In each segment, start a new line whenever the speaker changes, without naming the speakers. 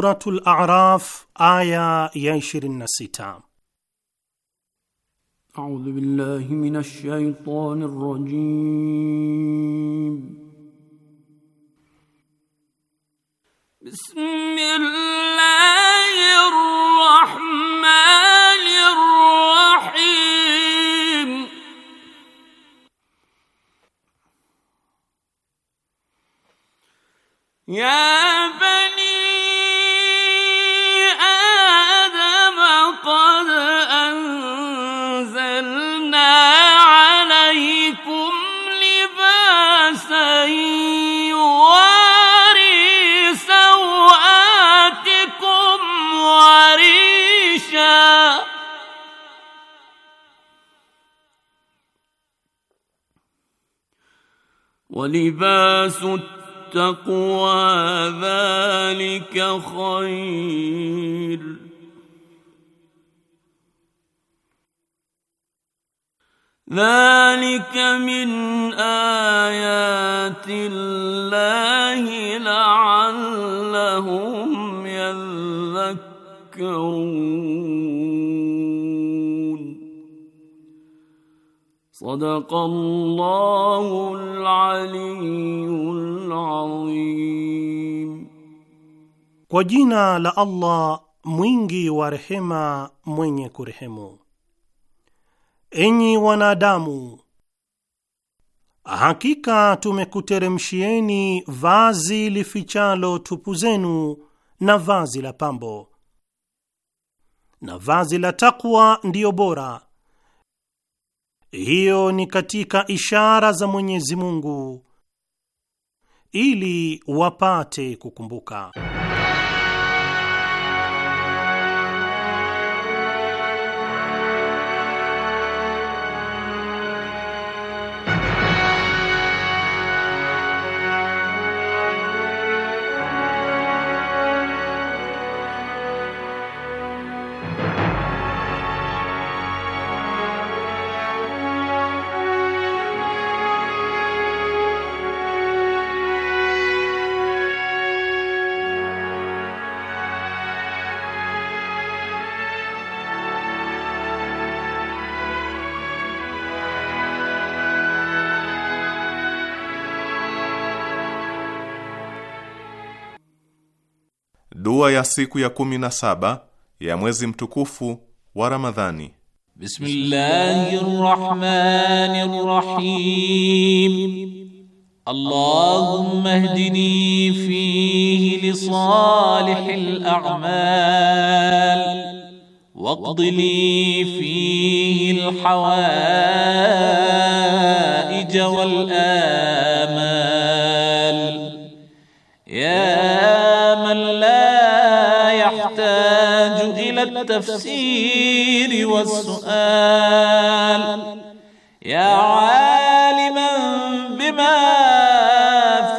سورة الأعراف آية ya 26.
أعوذ بالله من الشيطان الرجيم بسم الله الرحمن الرحيم يا بني ولباس التقوى ذلك خير ذلك من ايات الله لعلهم يذكرون صدق الله العلي العظيم Kwa
jina la Allah mwingi wa rehema mwenye kurehemu. Enyi wanadamu, hakika tumekuteremshieni vazi lifichalo tupu zenu na vazi la pambo, na vazi la takwa ndiyo bora hiyo ni katika ishara za Mwenyezi Mungu ili wapate kukumbuka.
siku ya kumi na saba ya mwezi mtukufu wa Ramadhani.
Bismillahir Rahmanir Rahim. Allahumma ihdini fihi li salihil a'mal waqdi li fihi al hawaij wal amal ya التفسير والسؤال يا عالما بما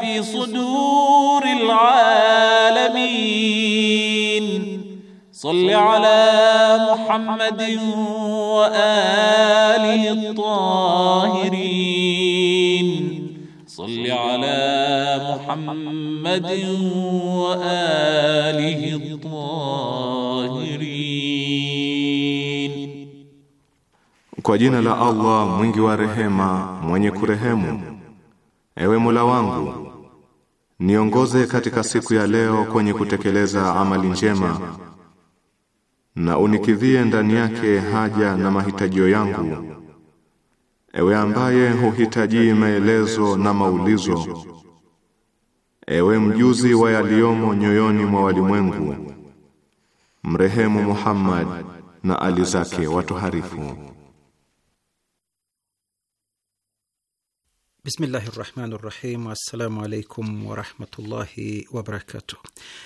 في صدور العالمين صل على محمد
وآله الطاهرين صل على محمد وآله
Kwa jina la Allah mwingi wa rehema, mwenye kurehemu. Ewe Mola wangu, niongoze katika siku ya leo kwenye kutekeleza amali njema na unikidhie ndani yake haja na mahitajio yangu. Ewe ambaye huhitaji maelezo na maulizo, ewe mjuzi wa yaliyomo nyoyoni mwa walimwengu, mrehemu Muhammad na ali zake watoharifu.
Bismillahi rahmani rahim. Assalamu alaikum warahmatullahi wabarakatuh.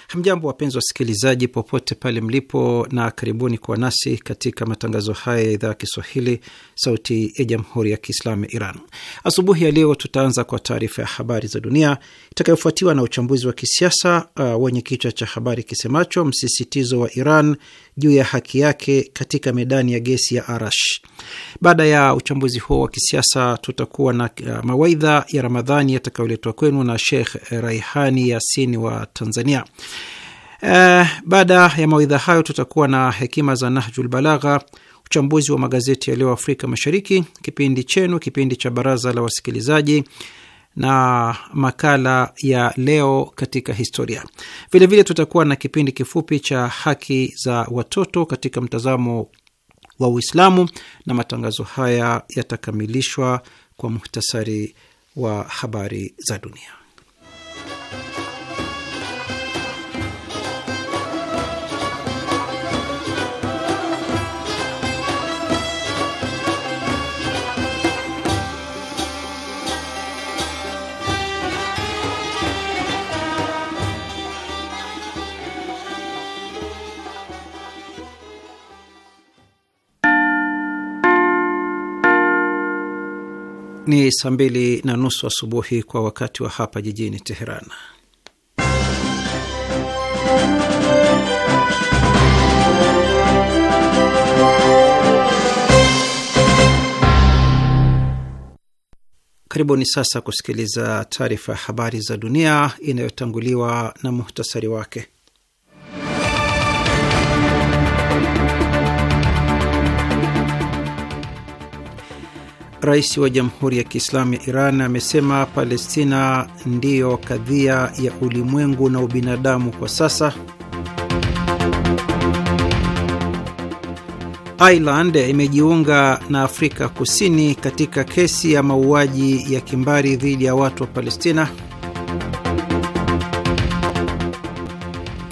Hamjambo wapenzi wasikilizaji popote pale mlipo, na karibuni kwa nasi katika matangazo haya ya idhaa ya Kiswahili sauti ya jamhuri ya Kiislamu ya Iran. Asubuhi ya leo tutaanza kwa taarifa ya habari za dunia itakayofuatiwa na uchambuzi wa kisiasa uh, wenye kichwa cha habari kisemacho msisitizo wa Iran juu ya haki yake katika medani ya gesi ya Arash. Baada ya uchambuzi huo wa kisiasa, tutakuwa na uh, mawaidha ya Ramadhani yatakayoletwa kwenu na Sheikh Raihani Yasini wa Tanzania. Uh, baada ya mawaidha hayo tutakuwa na hekima za Nahjul Balagha, uchambuzi wa magazeti ya leo Afrika Mashariki, kipindi chenu, kipindi cha baraza la wasikilizaji na makala ya leo katika historia. Vilevile vile tutakuwa na kipindi kifupi cha haki za watoto katika mtazamo wa Uislamu, na matangazo haya yatakamilishwa kwa muhtasari wa habari za dunia. Ni saa mbili na nusu asubuhi wa kwa wakati wa hapa jijini Teheran. Karibuni sasa kusikiliza taarifa ya habari za dunia inayotanguliwa na muhtasari wake. Rais wa Jamhuri ya Kiislamu ya Iran amesema Palestina ndiyo kadhia ya ulimwengu na ubinadamu kwa sasa. Ireland imejiunga na Afrika Kusini katika kesi ya mauaji ya kimbari dhidi ya watu wa Palestina.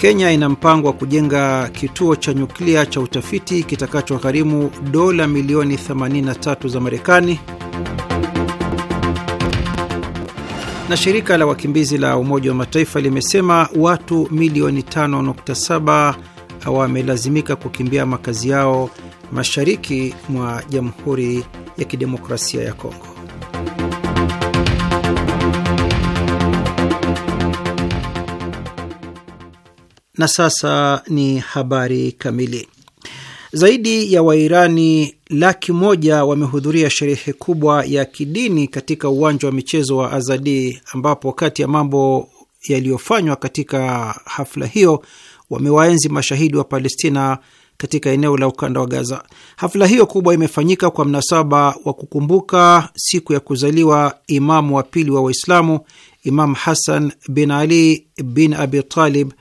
Kenya ina mpango wa kujenga kituo cha nyuklia cha utafiti kitakachogharimu dola milioni 83 za Marekani. Na shirika la wakimbizi la Umoja wa Mataifa limesema watu milioni 5.7 wamelazimika kukimbia makazi yao mashariki mwa Jamhuri ya Kidemokrasia ya Kongo. Na sasa ni habari kamili. Zaidi ya Wairani laki moja wamehudhuria sherehe kubwa ya kidini katika uwanja wa michezo wa Azadi, ambapo kati ya mambo yaliyofanywa katika hafla hiyo wamewaenzi mashahidi wa Palestina katika eneo la ukanda wa Gaza. Hafla hiyo kubwa imefanyika kwa mnasaba wa kukumbuka siku ya kuzaliwa imamu wa pili wa Waislamu, Imam Hasan bin Ali bin Abi Talib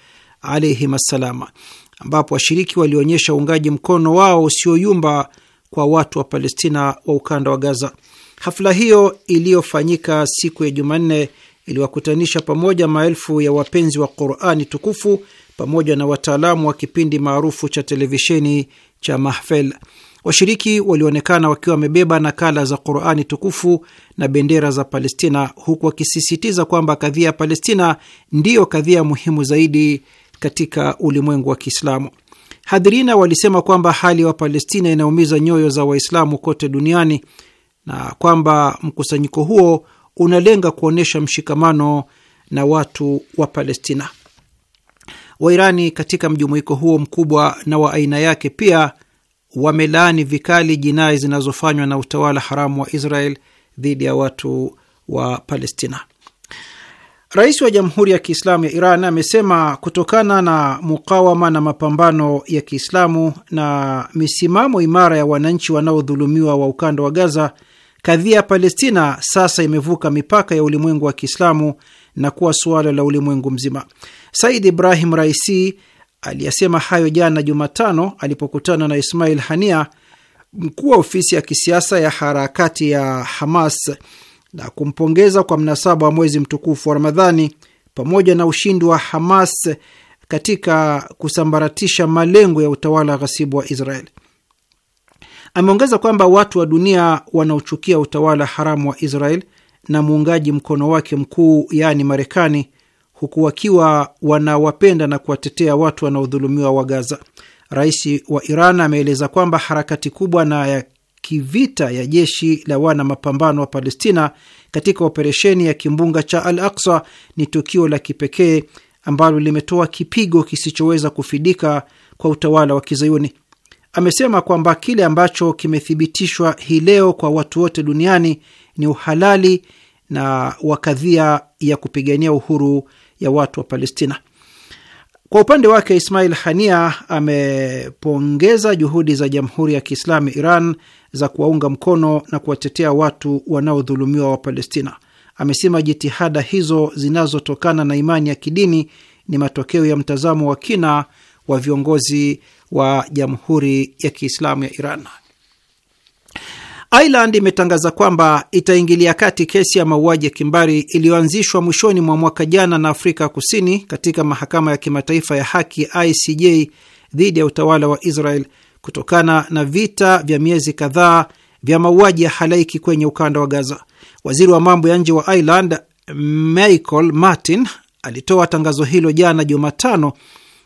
alaihim assalama, ambapo washiriki walionyesha uungaji mkono wao usioyumba kwa watu wa Palestina wa ukanda wa Gaza. Hafla hiyo iliyofanyika siku ya Jumanne iliwakutanisha pamoja maelfu ya wapenzi wa Qurani tukufu pamoja na wataalamu wa kipindi maarufu cha televisheni cha Mahfel. Washiriki walionekana wakiwa wamebeba nakala za Qurani tukufu na bendera za Palestina, huku wakisisitiza kwamba kadhia ya Palestina ndiyo kadhia muhimu zaidi katika ulimwengu wa Kiislamu. Hadhirina walisema kwamba hali ya wa Wapalestina inaumiza nyoyo za Waislamu kote duniani na kwamba mkusanyiko huo unalenga kuonyesha mshikamano na watu wa Palestina. Wairani katika mjumuiko huo mkubwa na wa aina yake pia wamelaani vikali jinai zinazofanywa na utawala haramu wa Israel dhidi ya watu wa Palestina. Rais wa Jamhuri ya Kiislamu ya Iran amesema kutokana na mukawama na mapambano ya Kiislamu na misimamo imara ya wananchi wanaodhulumiwa wa ukanda wa Gaza, kadhia ya Palestina sasa imevuka mipaka ya ulimwengu wa Kiislamu na kuwa suala la ulimwengu mzima. Said Ibrahim Raisi aliyasema hayo jana Jumatano alipokutana na Ismail Hania, mkuu wa ofisi ya kisiasa ya harakati ya Hamas na kumpongeza kwa mnasaba wa mwezi mtukufu wa Ramadhani pamoja na ushindi wa Hamas katika kusambaratisha malengo ya utawala ghasibu wa israel Ameongeza kwamba watu wa dunia wanaochukia utawala haramu wa Israel na muungaji mkono wake mkuu, yaani Marekani, huku wakiwa wanawapenda na kuwatetea watu wanaodhulumiwa wa Gaza. Rais wa Iran ameeleza kwamba harakati kubwa na ya kivita ya jeshi la wana mapambano wa Palestina katika operesheni ya kimbunga cha Al Aksa ni tukio la kipekee ambalo limetoa kipigo kisichoweza kufidika kwa utawala wa Kizayuni. Amesema kwamba kile ambacho kimethibitishwa hii leo kwa watu wote duniani ni uhalali na wakadhia ya kupigania uhuru ya watu wa Palestina. Kwa upande wake Ismail Hania amepongeza juhudi za Jamhuri ya Kiislamu Iran za kuwaunga mkono na kuwatetea watu wanaodhulumiwa wa Palestina. Amesema jitihada hizo zinazotokana na imani ya kidini ni matokeo ya mtazamo wa kina wa viongozi wa Jamhuri ya Kiislamu ya Iran. Ireland imetangaza kwamba itaingilia kati kesi ya mauaji ya kimbari iliyoanzishwa mwishoni mwa mwaka jana na Afrika Kusini katika mahakama ya kimataifa ya haki ICJ dhidi ya utawala wa Israel kutokana na vita vya miezi kadhaa vya mauaji ya halaiki kwenye ukanda wa Gaza. Waziri wa mambo ya nje wa Ireland Michael Martin alitoa tangazo hilo jana Jumatano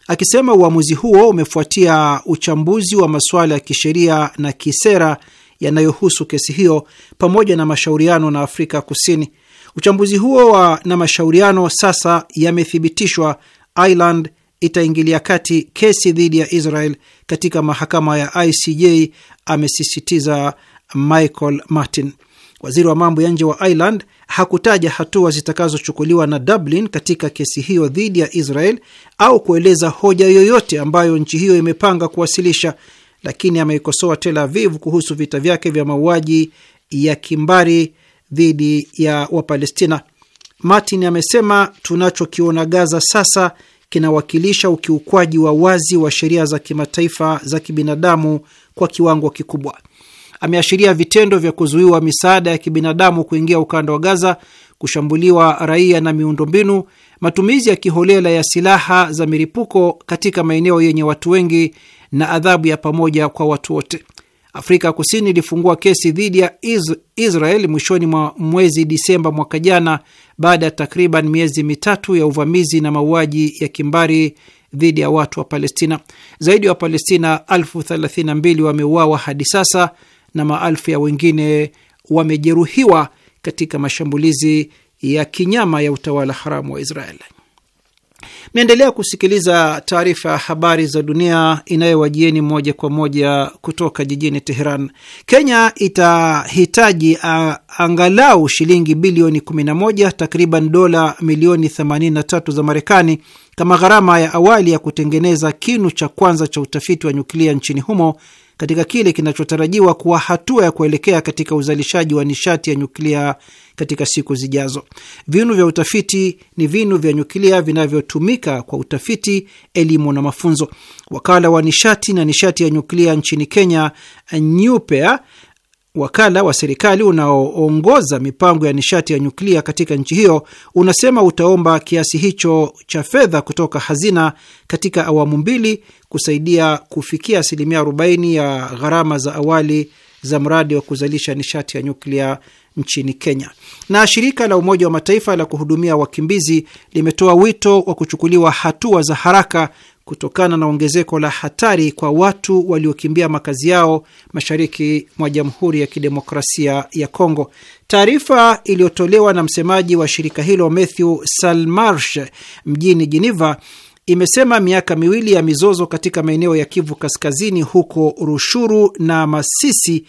akisema uamuzi huo umefuatia uchambuzi wa masuala ya kisheria na kisera yanayohusu kesi hiyo pamoja na mashauriano na Afrika Kusini. Uchambuzi huo wa na mashauriano sasa yamethibitishwa Ireland itaingilia kati kesi dhidi ya Israel katika mahakama ya ICJ, amesisitiza Michael Martin. Waziri wa mambo ya nje wa Ireland hakutaja hatua zitakazochukuliwa na Dublin katika kesi hiyo dhidi ya Israel au kueleza hoja yoyote ambayo nchi hiyo imepanga kuwasilisha, lakini ameikosoa Tel Aviv kuhusu vita vyake vya mauaji ya kimbari dhidi ya Wapalestina. Martin amesema tunachokiona Gaza sasa kinawakilisha ukiukwaji wa wazi wa sheria za kimataifa za kibinadamu kwa kiwango kikubwa. Ameashiria vitendo vya kuzuiwa misaada ya kibinadamu kuingia ukanda wa Gaza, kushambuliwa raia na miundombinu, matumizi ya kiholela ya silaha za milipuko katika maeneo yenye watu wengi na adhabu ya pamoja kwa watu wote. Afrika Kusini ilifungua kesi dhidi ya Israel mwishoni mwa mwezi Disemba mwaka jana baada ya takriban miezi mitatu ya uvamizi na mauaji ya kimbari dhidi ya watu wa Palestina. Zaidi ya Wapalestina elfu thelathini na mbili wameuawa hadi sasa na maelfu ya wengine wamejeruhiwa katika mashambulizi ya kinyama ya utawala haramu wa Israeli. Mnaendelea kusikiliza taarifa ya habari za dunia inayowajieni moja kwa moja kutoka jijini Teheran. Kenya itahitaji angalau shilingi bilioni 11, takriban dola milioni 83 za Marekani kama gharama ya awali ya kutengeneza kinu cha kwanza cha utafiti wa nyuklia nchini humo katika kile kinachotarajiwa kuwa hatua ya kuelekea katika uzalishaji wa nishati ya nyuklia katika siku zijazo. Vinu vya utafiti ni vinu vya nyuklia vinavyotumika kwa utafiti, elimu na mafunzo. Wakala wa nishati na nishati ya nyuklia nchini Kenya, NUPEA, wakala wa serikali unaoongoza mipango ya nishati ya nyuklia katika nchi hiyo unasema utaomba kiasi hicho cha fedha kutoka hazina katika awamu mbili kusaidia kufikia asilimia 40 ya gharama za awali za mradi wa kuzalisha nishati ya nyuklia nchini Kenya. Na shirika la Umoja wa Mataifa la kuhudumia wakimbizi limetoa wito wa kuchukuliwa hatua za haraka kutokana na ongezeko la hatari kwa watu waliokimbia makazi yao mashariki mwa Jamhuri ya Kidemokrasia ya Kongo. Taarifa iliyotolewa na msemaji wa shirika hilo Matthew Salmarsh mjini Geneva imesema miaka miwili ya mizozo katika maeneo ya Kivu Kaskazini huko Rushuru na Masisi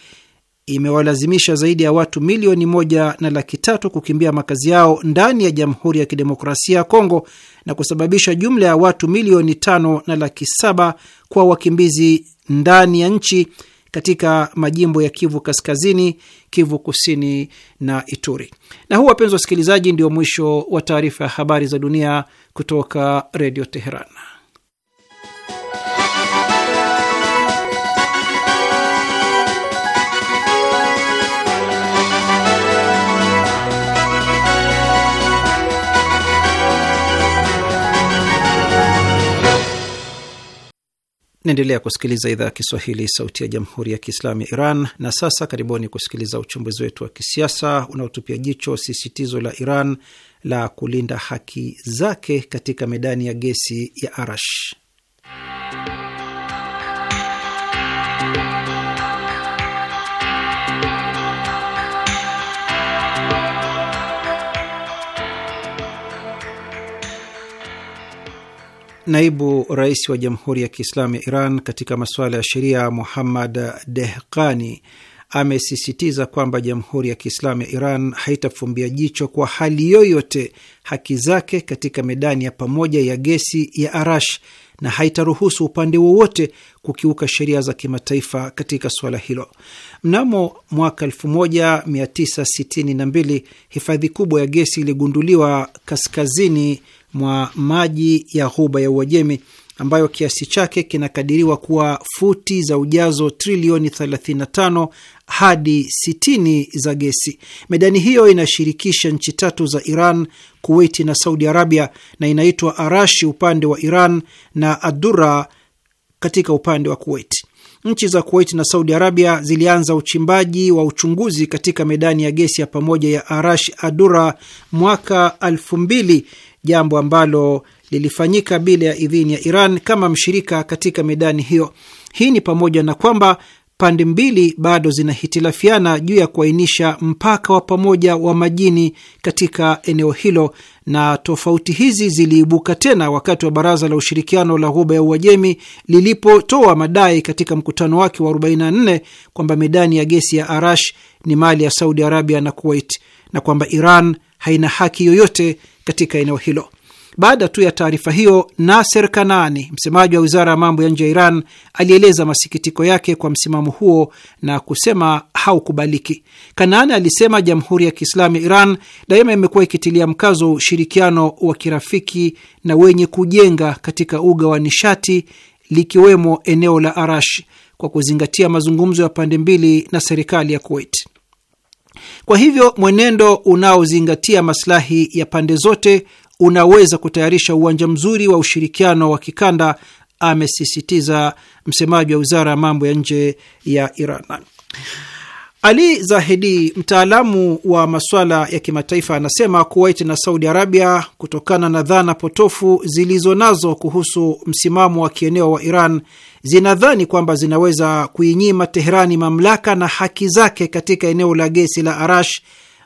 imewalazimisha zaidi ya watu milioni moja na laki tatu kukimbia makazi yao ndani ya Jamhuri ya Kidemokrasia ya Kongo na kusababisha jumla ya watu milioni tano na laki saba kwa wakimbizi ndani ya nchi katika majimbo ya Kivu Kaskazini, Kivu Kusini na Ituri. Na huu, wapenzi wasikilizaji, ndio mwisho wa taarifa ya habari za dunia kutoka Redio Teheran. Naendelea kusikiliza idhaa ya Kiswahili, sauti ya jamhuri ya kiislamu ya Iran. Na sasa karibuni kusikiliza uchambuzi wetu wa kisiasa unaotupia jicho sisitizo la Iran la kulinda haki zake katika medani ya gesi ya Arash. naibu rais wa Jamhuri ya Kiislamu ya Iran katika masuala ya sheria Muhammad Dehkani amesisitiza kwamba Jamhuri ya Kiislamu ya Iran haitafumbia jicho kwa hali yoyote haki zake katika medani ya pamoja ya gesi ya Arash na haitaruhusu upande wowote kukiuka sheria za kimataifa katika suala hilo. Mnamo mwaka 1962 hifadhi kubwa ya gesi iligunduliwa kaskazini mwa maji ya ghuba ya Uajemi ambayo kiasi chake kinakadiriwa kuwa futi za ujazo trilioni 35 hadi 60 za gesi. Medani hiyo inashirikisha nchi tatu za Iran, Kuwaiti na Saudi Arabia, na inaitwa Arashi upande wa Iran na Adura katika upande wa Kuwaiti. Nchi za Kuwait na Saudi Arabia zilianza uchimbaji wa uchunguzi katika medani ya gesi ya pamoja ya Arash Adura mwaka elfu mbili jambo ambalo lilifanyika bila ya idhini ya Iran kama mshirika katika medani hiyo. Hii ni pamoja na kwamba pande mbili bado zinahitilafiana juu ya kuainisha mpaka wa pamoja wa majini katika eneo hilo, na tofauti hizi ziliibuka tena wakati wa Baraza la Ushirikiano la Ghuba ya Uajemi lilipotoa madai katika mkutano wake wa 44 kwamba medani ya gesi ya Arash ni mali ya Saudi Arabia na Kuwait na kwamba Iran haina haki yoyote katika eneo hilo. Baada tu ya taarifa hiyo, Naser Kanani, msemaji wa wizara ya mambo ya nje ya Iran, alieleza masikitiko yake kwa msimamo huo na kusema haukubaliki. Kanani alisema Jamhuri ya Kiislamu ya Iran daima imekuwa ikitilia mkazo ushirikiano wa kirafiki na wenye kujenga katika uga wa nishati, likiwemo eneo la arash kwa kuzingatia mazungumzo ya pande mbili na serikali ya Kuwait. Kwa hivyo mwenendo unaozingatia masilahi ya pande zote unaweza kutayarisha uwanja mzuri wa ushirikiano wa kikanda, amesisitiza msemaji wa wizara ya mambo ya nje ya Iran. Ali Zahidi, mtaalamu wa masuala ya kimataifa, anasema Kuwait na Saudi Arabia, kutokana na dhana potofu zilizo nazo kuhusu msimamo wa kieneo wa Iran, zinadhani kwamba zinaweza kuinyima Teherani mamlaka na haki zake katika eneo la gesi la Arash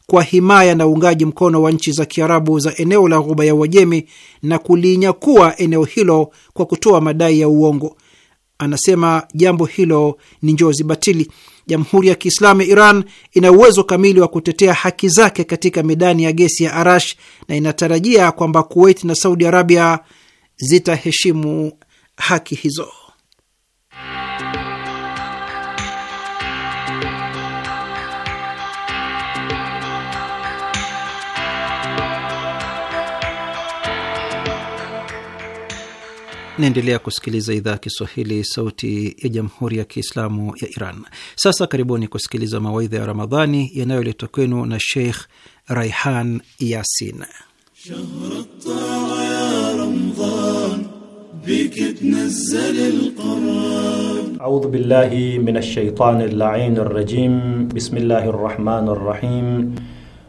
kwa himaya na uungaji mkono wa nchi za Kiarabu za eneo la Ghuba ya Uajemi na kulinyakua eneo hilo kwa kutoa madai ya uongo. Anasema jambo hilo ni njozi batili. Jamhuri ya Kiislamu ya Iran ina uwezo kamili wa kutetea haki zake katika midani ya gesi ya Arash na inatarajia kwamba Kuwait na Saudi Arabia zitaheshimu haki hizo. Naendelea kusikiliza idhaa ya Kiswahili, sauti ya jamhuri ya kiislamu ya Iran. Sasa karibuni kusikiliza mawaidha ya Ramadhani yanayoletwa kwenu na Sheikh Raihan Yasin.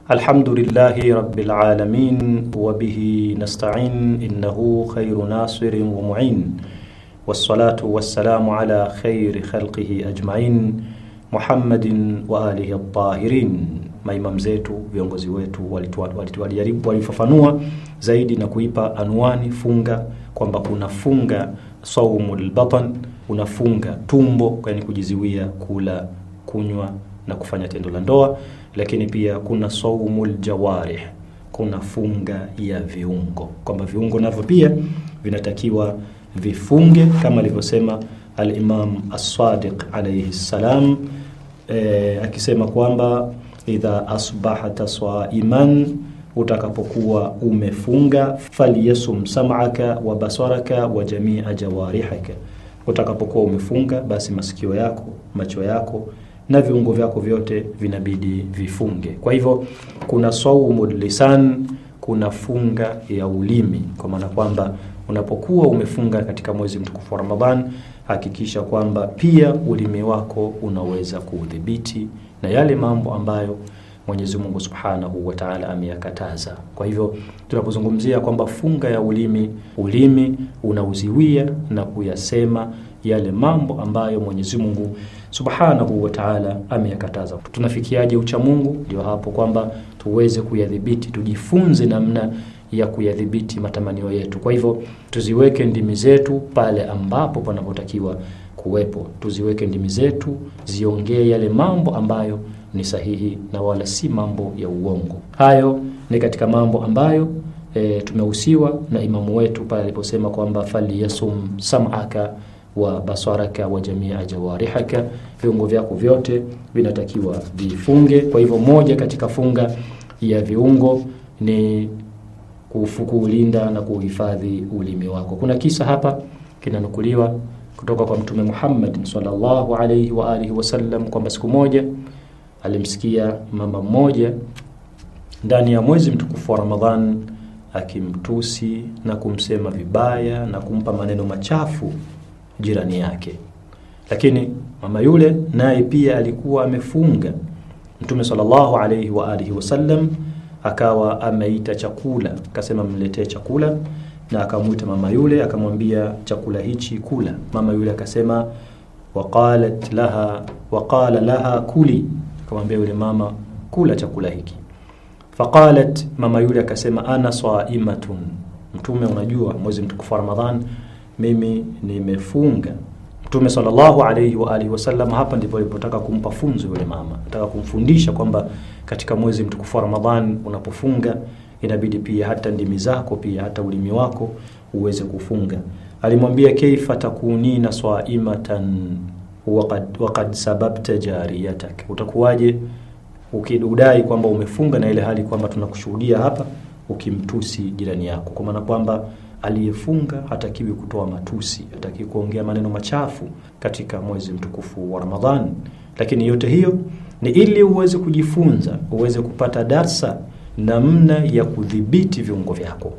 Alhamdulillahi rabbil alamin wa bihi nasta'in innahu khairu nasirin wa mu'in wassalatu wassalamu ala khairi khalqihi ajma'in Muhammadin wa alihi at-tahirin. Maimamu zetu viongozi wetu walijaribu walifafanua zaidi na kuipa anwani funga kwamba kuna funga saumul batan, unafunga tumbo, yani kujiziwia kula, kunywa na kufanya tendo la ndoa lakini pia kuna saumul jawarih, kuna funga ya viungo, kwamba viungo navyo pia vinatakiwa vifunge kama alivyosema al-Imam as-Sadiq alayhi salam e, akisema kwamba idha asbahata saiman utakapokuwa umefunga falyasum sam'aka wa basaraka wa jamia jawarihaka, utakapokuwa umefunga basi masikio yako, macho yako na viungo vyako vyote vinabidi vifunge. Kwa hivyo kuna saumu lisan, kuna funga ya ulimi, kwa maana kwamba unapokuwa umefunga katika mwezi mtukufu wa Ramadhan, hakikisha kwamba pia ulimi wako unaweza kuudhibiti na yale mambo ambayo Mwenyezi Mungu Subhanahu wa Ta'ala ameyakataza. Kwa hivyo tunapozungumzia kwamba funga ya ulimi, ulimi unauziwia na kuyasema yale mambo ambayo Mwenyezi Mungu subhanahu wa ta'ala ameyakataza. Tunafikiaje uchamungu? Ndio hapo kwamba tuweze kuyadhibiti, tujifunze namna ya kuyadhibiti matamanio yetu. Kwa hivyo tuziweke ndimi zetu pale ambapo panapotakiwa kuwepo, tuziweke ndimi zetu ziongee yale mambo ambayo ni sahihi na wala si mambo ya uongo. Hayo ni katika mambo ambayo e, tumehusiwa na imamu wetu pale aliposema kwamba fali yasum sam'aka wa basaraka wa jamia jawarihaka, viungo vyako vyote vinatakiwa vifunge. Kwa hivyo moja katika funga ya viungo ni kuulinda na kuhifadhi ulimi wako. Kuna kisa hapa kinanukuliwa kutoka kwa Mtume Muhammad sallallahu alayhi wa alihi wasallam kwamba siku moja alimsikia mama mmoja ndani ya mwezi mtukufu wa Ramadhan akimtusi na kumsema vibaya na kumpa maneno machafu jirani yake. Lakini mama yule naye pia alikuwa amefunga. Mtume sallallahu alayhi wa alihi wasallam akawa ameita chakula, akasema mletee chakula, na akamwita mama yule akamwambia chakula hichi kula. Mama yule akasema waqalat laha waqala laha kuli, akamwambia yule mama kula chakula hiki. Faqalat, mama yule akasema ana saimatun. Mtume, unajua mwezi mtukufu wa Ramadhan mimi nimefunga. Mtume sallallahu alayhi wa alihi wasallam hapa ndipo alipotaka kumpa funzo yule mama, nataka kumfundisha kwamba katika mwezi mtukufu wa Ramadhani unapofunga inabidi pia hata ndimi zako pia hata ulimi wako uweze kufunga. Alimwambia, kaifa takunina swaimatan waqad waqad sababta jariyatak, utakuwaje ukidudai kwamba umefunga na ile hali kwamba tunakushuhudia hapa ukimtusi jirani yako, kwa maana kwamba aliyefunga hatakiwi kutoa matusi, hatakiwi kuongea maneno machafu katika mwezi mtukufu wa ramadhan Lakini yote hiyo ni ili uweze kujifunza, uweze kupata darsa namna ya kudhibiti viungo vyako.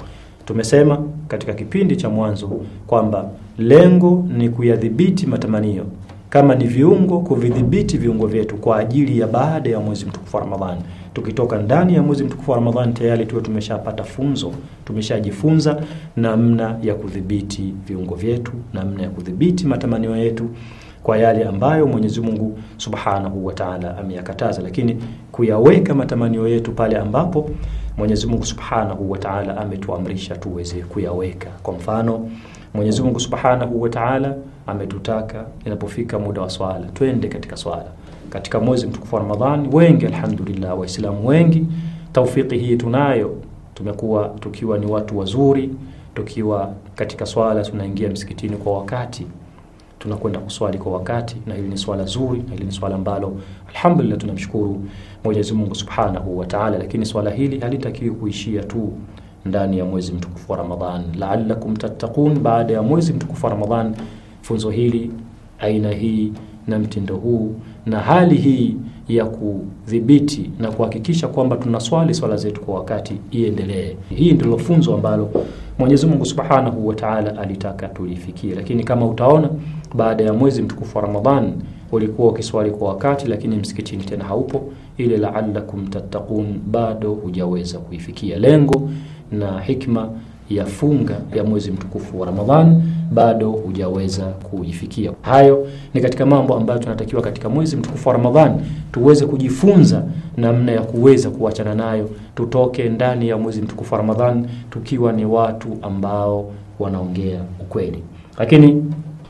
Tumesema katika kipindi cha mwanzo kwamba lengo ni kuyadhibiti matamanio, kama ni viungo, kuvidhibiti viungo vyetu kwa ajili ya baada ya mwezi mtukufu wa Ramadhani tukitoka ndani ya mwezi mtukufu wa Ramadhani tayari tuwe tumeshapata funzo, tumeshajifunza namna ya kudhibiti viungo vyetu, namna ya kudhibiti matamanio yetu kwa yale ambayo Mwenyezi Mungu Subhanahu wa Ta'ala ameyakataza, lakini kuyaweka matamanio yetu pale ambapo Mwenyezi Mungu Subhanahu wa Ta'ala ametuamrisha tuweze kuyaweka. Kwa mfano, Mwenyezi Mungu Subhanahu wa Ta'ala ametutaka inapofika muda wa swala twende katika swala katika mwezi mtukufu wa Ramadhani. Wengi alhamdulillah, waislamu wengi taufiki hii tunayo, tumekuwa tukiwa ni watu wazuri, tukiwa katika swala tunaingia msikitini kwa wakati, tunakwenda kuswali kwa wakati, na hili ni swala zuri, na hili ni swala ambalo alhamdulillah tunamshukuru Mwenyezi Mungu Subhanahu wa Ta'ala. Lakini swala hili halitakiwi kuishia tu ndani ya mwezi mtukufu wa Ramadhani, la'allakum tattaqun. Baada ya mwezi mtukufu wa Ramadhani, funzo hili aina hii na mtindo huu na hali hii ya kudhibiti na kuhakikisha kwamba tunaswali swala zetu kwa wakati iendelee. Hii ndilo funzo ambalo Mwenyezi Mungu Subhanahu wa Ta'ala alitaka tulifikie. Lakini kama utaona baada ya mwezi mtukufu wa Ramadhan ulikuwa ukiswali kwa wakati, lakini msikitini tena haupo. Ile la'allakum tattaqun bado hujaweza kuifikia lengo na hikma ya funga ya mwezi mtukufu wa Ramadhan bado hujaweza kuifikia. Hayo ni katika mambo ambayo tunatakiwa katika mwezi mtukufu wa Ramadhan tuweze kujifunza namna ya kuweza kuachana nayo, tutoke ndani ya mwezi mtukufu wa Ramadhan tukiwa ni watu ambao wanaongea ukweli. Lakini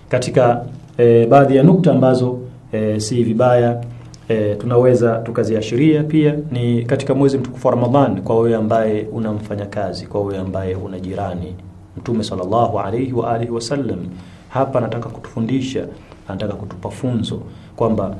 katika e, baadhi ya nukta ambazo e, si vibaya E, tunaweza tukaziashiria pia ni katika mwezi mtukufu wa Ramadhani, kwa wewe ambaye una mfanyakazi, kwa wewe ambaye una jirani. Mtume sallallahu alayhi wa alihi wasallam hapa anataka kutufundisha, anataka kutupa funzo kwamba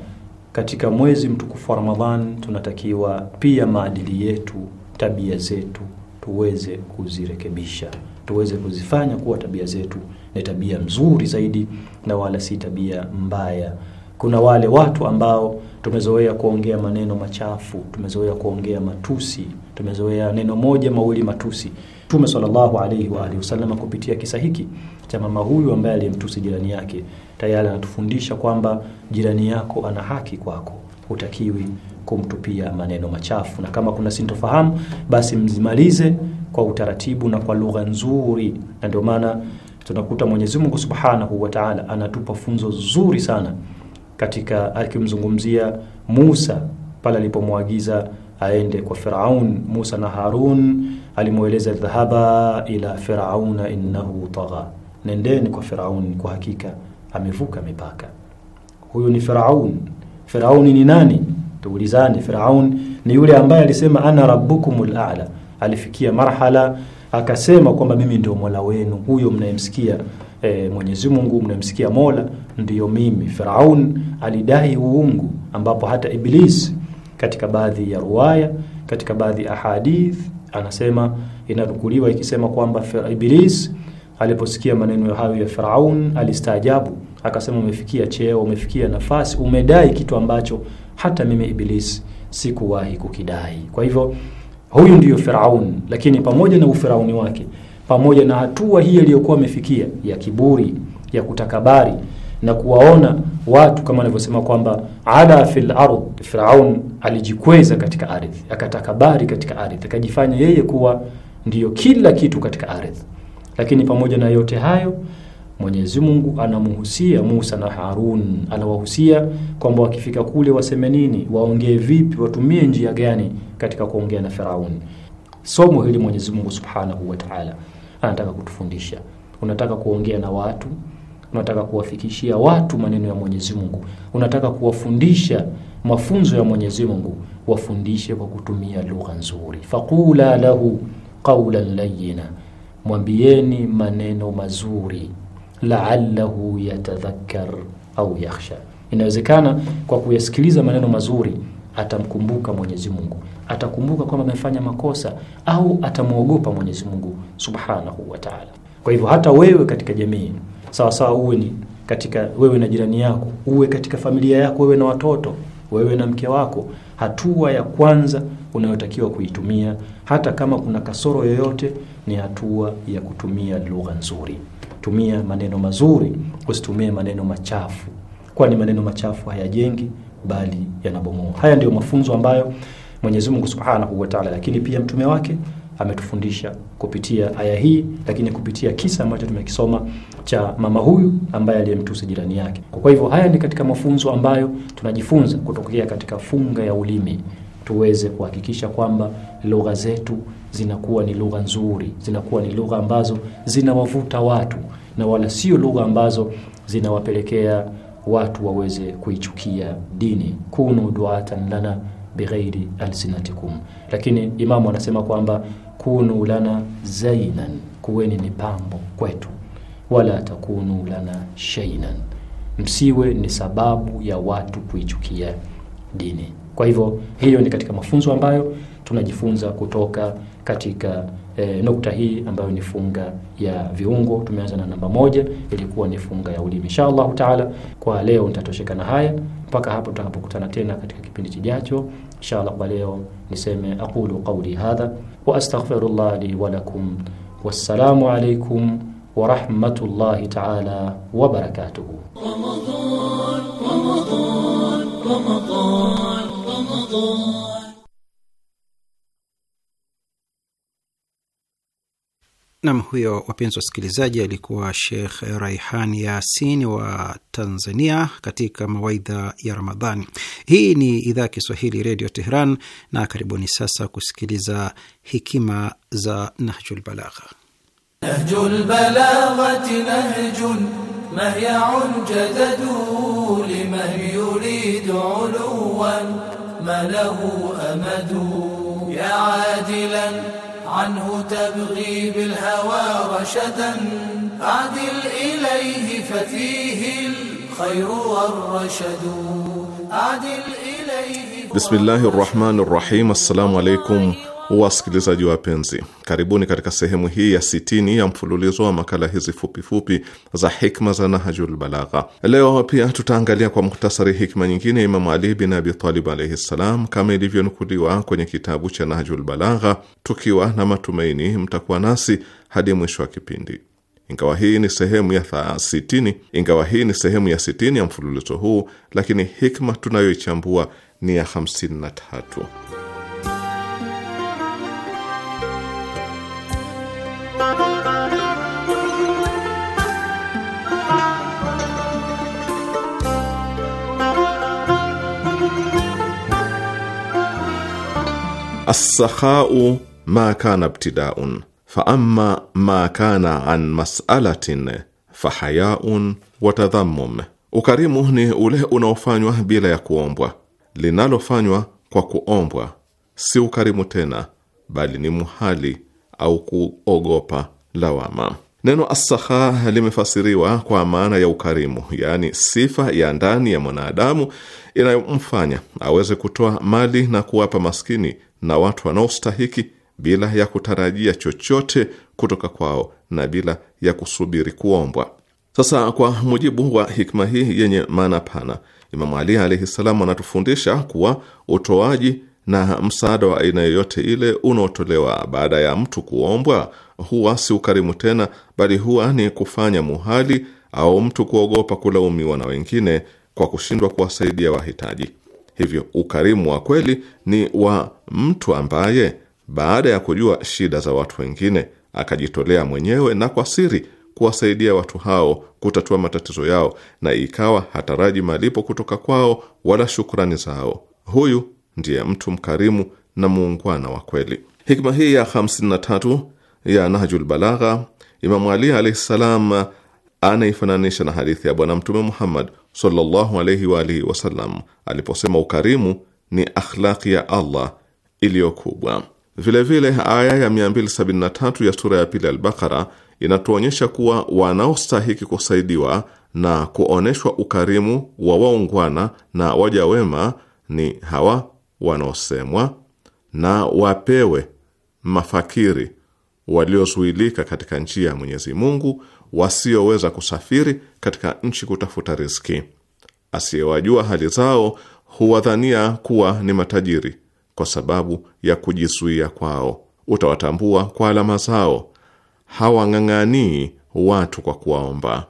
katika mwezi mtukufu wa Ramadhani tunatakiwa pia maadili yetu, tabia zetu tuweze kuzirekebisha, tuweze kuzifanya kuwa tabia zetu ni tabia mzuri zaidi na wala si tabia mbaya. Kuna wale watu ambao tumezoea kuongea maneno machafu, tumezoea kuongea matusi, tumezoea neno moja mawili matusi. Mtume sallallahu alaihi wa alihi wasallam kupitia kisa hiki cha mama huyu ambaye aliyemtusi jirani yake, tayari anatufundisha kwamba jirani yako ana haki kwako, hutakiwi kumtupia maneno machafu, na kama kuna sintofahamu basi mzimalize kwa utaratibu na kwa lugha nzuri, na ndio maana tunakuta Mwenyezi Mungu Subhanahu wa Ta'ala anatupa funzo zuri sana katika akimzungumzia Musa pale alipomwagiza aende kwa Firaun. Musa na Harun alimweleza dhahaba ila firauna innahu tagha, nendeni kwa Firaun, kwa hakika amevuka mipaka. Huyu ni Firaun. Firauni ni nani? Tuulizane. Firaun ni yule ambaye alisema ana rabbukumul a'la, alifikia marhala akasema kwamba mimi ndio mola wenu, huyo mnayemsikia e, Mwenyezi Mungu mnamsikia Mola ndiyo mimi. Firaun alidai uungu, ambapo hata Iblis katika baadhi ya ruwaya, katika baadhi ya ahadith anasema, inanukuliwa ikisema kwamba Iblis aliposikia maneno hayo ya Firaun alistaajabu, akasema, umefikia cheo, umefikia nafasi, umedai kitu ambacho hata mimi Iblis sikuwahi kukidai. Kwa hivyo huyu ndiyo Firaun, lakini pamoja na ufirauni wake pamoja na hatua hii aliyokuwa amefikia ya kiburi ya kutakabari na kuwaona watu kama anavyosema kwamba ala fil ard, Firaun alijikweza katika ardhi, akatakabari katika ardhi, akajifanya yeye kuwa ndiyo kila kitu katika ardhi. Lakini pamoja na yote hayo, Mwenyezi Mungu anamhusia Musa na Harun, anawahusia kwamba wakifika kule waseme nini, waongee vipi, watumie njia gani katika kuongea na Firaun. Somo hili Mwenyezi Mungu Subhanahu wa Ta'ala anataka kutufundisha. Unataka kuongea na watu, unataka kuwafikishia watu maneno ya Mwenyezi Mungu, unataka kuwafundisha mafunzo ya Mwenyezi Mungu, wafundishe kwa kutumia lugha nzuri. Faqula lahu qawlan layyina, mwambieni maneno mazuri. Laallahu yatadhakkar au yakhsha, inawezekana kwa kuyasikiliza maneno mazuri atamkumbuka Mwenyezi Mungu, atakumbuka kwamba amefanya makosa au atamwogopa Mwenyezi Mungu Subhanahu wa Ta'ala. Kwa hivyo hata wewe katika jamii sawa sawa, uwe ni katika wewe na jirani yako, uwe katika familia yako, wewe na watoto, wewe na mke wako, hatua ya kwanza unayotakiwa kuitumia hata kama kuna kasoro yoyote ni hatua ya kutumia lugha nzuri. Tumia maneno mazuri, usitumie maneno machafu, kwani maneno machafu hayajengi bali yanabomoa. Haya ndiyo mafunzo ambayo Mwenyezi Mungu Subhanahu wa Ta'ala, lakini pia mtume wake ametufundisha kupitia aya hii, lakini kupitia kisa ambacho tumekisoma cha mama huyu ambaye aliyemtusi jirani yake. Kwa hivyo haya ni katika mafunzo ambayo tunajifunza kutokea katika funga ya ulimi, tuweze kuhakikisha kwamba lugha zetu zinakuwa ni lugha nzuri, zinakuwa ni lugha ambazo zinawavuta watu na wala sio lugha ambazo zinawapelekea watu waweze kuichukia dini kunu duatan lana bighairi alsinatikum lakini imamu anasema kwamba kunu lana zainan kuweni ni pambo kwetu wala takunu lana shainan msiwe ni sababu ya watu kuichukia dini kwa hivyo hiyo ni katika mafunzo ambayo tunajifunza kutoka katika e, nukta hii ambayo ni funga ya viungo. Tumeanza na namba moja, ilikuwa ni funga ya ulimi. Insha Allahu taala, kwa leo nitatosheka na haya mpaka hapo tutakapokutana tena katika kipindi kijacho insha Allah. Kwa leo niseme aqulu qawli hadha wa astaghfirullah li wa lakum, wassalamu alaykum wa rahmatullahi taala wa barakatuh. Ramadan,
Ramadan, Ramadan, Ramadan.
Nam huyo, wapenzi wasikilizaji, alikuwa Shekh Raihan Yasin wa Tanzania katika mawaidha ya Ramadhani. Hii ni idhaa ya Kiswahili Redio Teheran, na karibuni sasa kusikiliza hikima za Nahjul Balagha.
Nahjul Balaghati yuridu malahu ya عنه
تبغي بالهوى رشدا عدل إليه ففيه الخير والرشد عدل إليه
بسم الله الرحمن الرحيم السلام عليكم Wasikilizaji wapenzi, karibuni katika sehemu hii ya sitini ya mfululizo wa makala hizi fupifupi fupi za hikma za Nahjul Balagha. Leo pia tutaangalia kwa muhtasari hikma nyingine ya Imamu Ali bin Abi Talib alaihi ssalam, kama ilivyonukuliwa kwenye kitabu cha Nahjul Balagha, tukiwa na matumaini mtakuwa nasi hadi mwisho wa kipindi. Ingawa hii ni sehemu ya thaa sitini, ingawa hii ni sehemu ya sitini ya mfululizo huu, lakini hikma tunayoichambua ni ya hamsini na tatu. assakhau ma kana fa faama ma kana an masalatin fahayaun wa ukarimu ni ule unaofanywa bila ya kuombwa. Linalofanywa kwa kuombwa si ukarimu tena, bali ni muhali au kuogopa lawama. Neno assaha limefasiriwa kwa maana ya ukarimu, yaani sifa ya ndani ya mwanadamu inayomfanya aweze kutoa mali na kuwapa maskini na watu wanaostahiki bila ya kutarajia chochote kutoka kwao na bila ya kusubiri kuombwa. Sasa, kwa mujibu wa hikma hii yenye maana pana, Imamu Ali alaihi salam anatufundisha kuwa utoaji na msaada wa aina yoyote ile unaotolewa baada ya mtu kuombwa huwa si ukarimu tena, bali huwa ni kufanya muhali au mtu kuogopa kulaumiwa na wengine kwa kushindwa kuwasaidia wahitaji. Hivyo ukarimu wa kweli ni wa mtu ambaye baada ya kujua shida za watu wengine akajitolea mwenyewe na kwa siri kuwasaidia watu hao kutatua matatizo yao, na ikawa hataraji malipo kutoka kwao wala shukrani zao. Huyu ndiye mtu mkarimu na muungwana wa kweli. Hikma hii ya 53 ya Nahjul Balagha, Imamu Ali alaihi salam anaifananisha na hadithi ya Bwana Mtume Muhammad sallallahu alaihi wa alihi wasallam aliposema, ukarimu ni akhlaki ya Allah iliyo kubwa. Vilevile, aya ya 273 ya sura ya pili albakara inatuonyesha kuwa wanaostahiki kusaidiwa na kuonyeshwa ukarimu wa waungwana na waja wema ni hawa wanaosemwa na wapewe mafakiri waliozuilika katika njia ya Mwenyezi Mungu wasioweza kusafiri katika nchi kutafuta riziki. Asiyewajua hali zao huwadhania kuwa ni matajiri kwa sababu ya kujizuia kwao. Utawatambua kwa alama zao. Hawang'ang'anii watu kwa kuwaomba,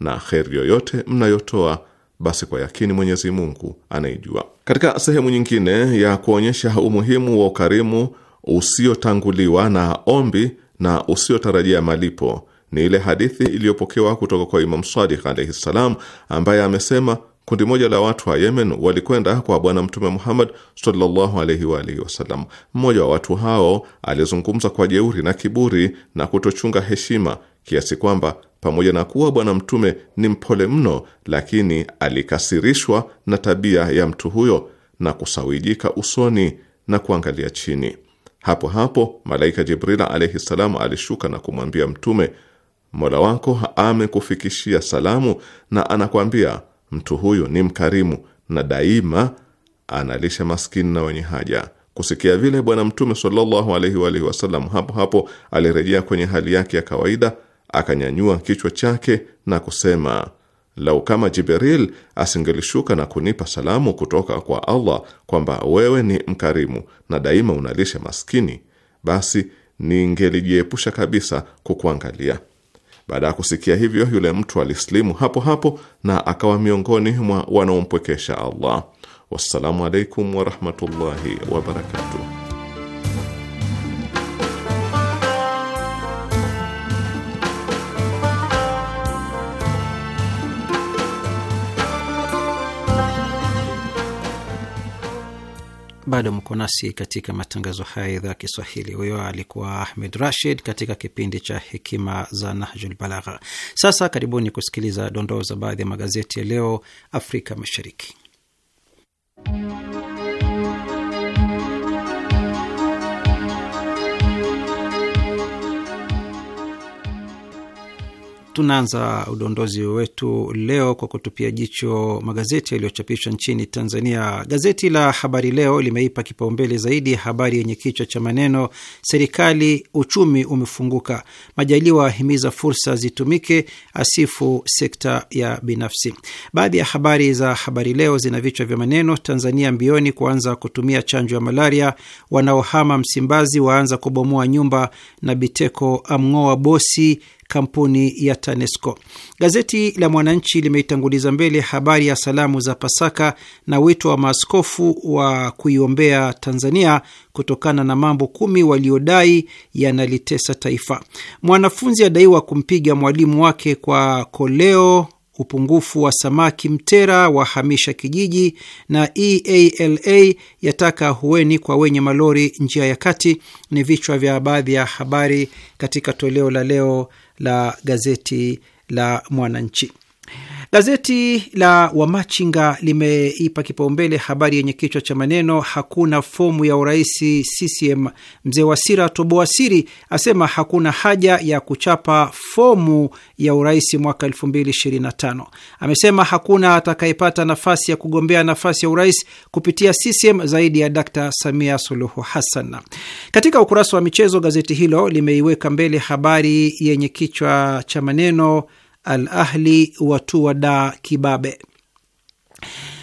na kheri yoyote mnayotoa basi kwa yakini Mwenyezi Mungu anaijua. Katika sehemu nyingine ya kuonyesha umuhimu wa ukarimu usiotanguliwa na ombi na usiotarajia malipo ni ile hadithi iliyopokewa kutoka kwa Imam Sadiq alaihi ssalam, ambaye amesema kundi moja la watu wa Yemen walikwenda kwa Bwana Mtume Muhammad sallallahu alaihi wa alihi wasallam. Mmoja wa watu hao alizungumza kwa jeuri na kiburi na kutochunga heshima kiasi kwamba pamoja na kuwa Bwana Mtume ni mpole mno, lakini alikasirishwa na tabia ya mtu huyo na kusawijika usoni na kuangalia chini. Hapo hapo malaika Jibrila alaihi salamu alishuka na kumwambia Mtume, mola wako amekufikishia salamu na anakwambia mtu huyu ni mkarimu na daima analisha maskini na wenye haja. Kusikia vile, Bwana Mtume sallallahu alaihi wa alihi wasallam hapo hapo alirejea kwenye hali yake ya kawaida akanyanyua kichwa chake na kusema, lau kama Jibril asingelishuka na kunipa salamu kutoka kwa Allah kwamba wewe ni mkarimu na daima unalisha maskini, basi ningelijiepusha kabisa kukuangalia. Baada ya kusikia hivyo, yule mtu alislimu hapo hapo na akawa miongoni mwa wanaompwekesha Allah. Wassalamu alaikum warahmatullahi wabarakatuh.
bado mko nasi katika matangazo haya ya idhaa Kiswahili. Huyo alikuwa Ahmed Rashid katika kipindi cha Hekima za Nahjul Balagha. Sasa karibuni kusikiliza dondoo za baadhi ya magazeti ya leo Afrika Mashariki. Tunaanza udondozi wetu leo kwa kutupia jicho magazeti yaliyochapishwa nchini Tanzania. Gazeti la Habari Leo limeipa kipaumbele zaidi habari yenye kichwa cha maneno serikali uchumi umefunguka, Majaliwa ahimiza fursa zitumike, asifu sekta ya binafsi. Baadhi ya habari za Habari Leo zina vichwa vya maneno Tanzania mbioni kuanza kutumia chanjo ya malaria, wanaohama Msimbazi waanza kubomoa nyumba, na Biteko amng'oa bosi kampuni ya TANESCO. Gazeti la Mwananchi limeitanguliza mbele habari ya salamu za Pasaka na wito wa maaskofu wa kuiombea Tanzania kutokana na mambo kumi waliodai yanalitesa taifa. Mwanafunzi adaiwa kumpiga mwalimu wake kwa koleo. Upungufu wa samaki Mtera wahamisha kijiji, na EALA yataka hueni kwa wenye malori njia ya kati. Ni vichwa vya baadhi ya habari katika toleo la leo la gazeti la Mwananchi. Gazeti la Wamachinga limeipa kipaumbele habari yenye kichwa cha maneno hakuna fomu ya urais CCM, mzee Wasira Toboasiri asema hakuna haja ya kuchapa fomu ya urais mwaka 2025. Amesema hakuna atakayepata nafasi ya kugombea nafasi ya urais kupitia CCM zaidi ya d Samia Suluhu Hassan. Katika ukurasa wa michezo, gazeti hilo limeiweka mbele habari yenye kichwa cha maneno Al Ahli wa da Kibabe.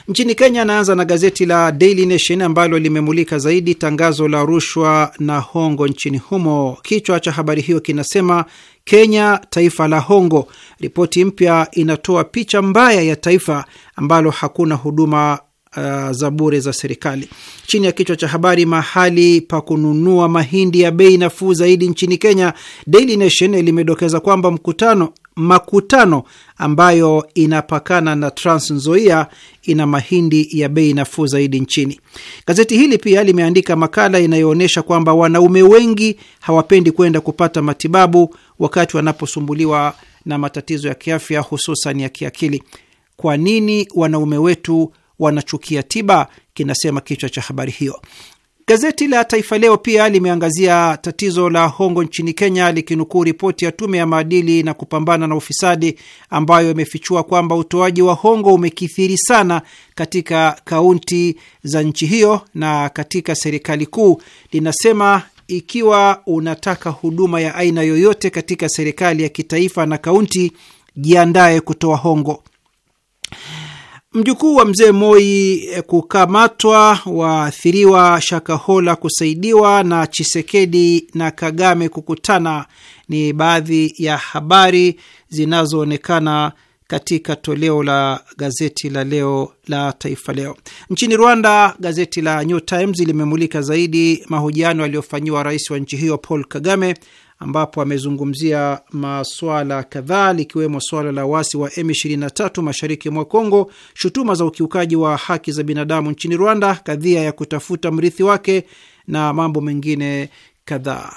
Nchini Kenya anaanza na gazeti la Daily Nation ambalo limemulika zaidi tangazo la rushwa na hongo nchini humo. Kichwa cha habari hiyo kinasema Kenya taifa la hongo. Ripoti mpya inatoa picha mbaya ya taifa ambalo hakuna huduma Uh, za bure za serikali. Chini ya kichwa cha habari mahali pa kununua mahindi ya bei nafuu zaidi nchini Kenya, Daily Nation limedokeza kwamba mkutano makutano ambayo inapakana na Trans Nzoia ina mahindi ya bei nafuu zaidi nchini. Gazeti hili pia limeandika makala inayoonyesha kwamba wanaume wengi hawapendi kwenda kupata matibabu wakati wanaposumbuliwa na matatizo ya kiafya, hususan ya kiakili. Kwa nini wanaume wetu wanachukia tiba, kinasema kichwa cha habari hiyo. Gazeti la Taifa Leo pia limeangazia tatizo la hongo nchini Kenya likinukuu ripoti ya tume ya maadili na kupambana na ufisadi ambayo imefichua kwamba utoaji wa hongo umekithiri sana katika kaunti za nchi hiyo na katika serikali kuu. Linasema ikiwa unataka huduma ya aina yoyote katika serikali ya kitaifa na kaunti, jiandaye kutoa hongo. Mjukuu wa mzee Moi eh, kukamatwa, waathiriwa Shakahola kusaidiwa, na Chisekedi na Kagame kukutana ni baadhi ya habari zinazoonekana katika toleo la gazeti la leo la Taifa Leo. Nchini Rwanda, gazeti la New Times limemulika zaidi mahojiano aliyofanyiwa rais wa nchi hiyo Paul Kagame ambapo amezungumzia maswala kadhaa likiwemo swala la wasi wa M23 mashariki mwa Kongo, shutuma za ukiukaji wa haki za binadamu nchini Rwanda, kadhia ya kutafuta mrithi wake na mambo mengine kadhaa.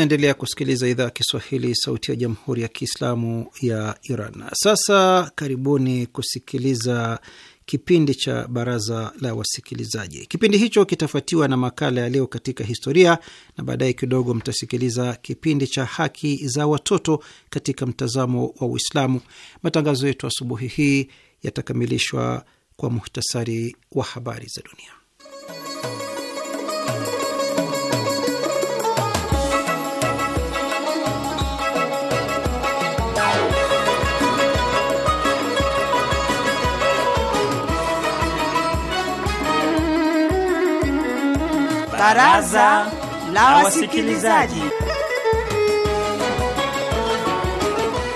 Mnaendelea kusikiliza idhaa ya Kiswahili, sauti ya jamhuri ya kiislamu ya Iran. Sasa karibuni kusikiliza kipindi cha baraza la wasikilizaji. Kipindi hicho kitafuatiwa na makala ya leo katika historia, na baadaye kidogo mtasikiliza kipindi cha haki za watoto katika mtazamo wa Uislamu. Matangazo yetu asubuhi hii yatakamilishwa kwa muhtasari wa habari za dunia.
Baraza la Wasikilizaji.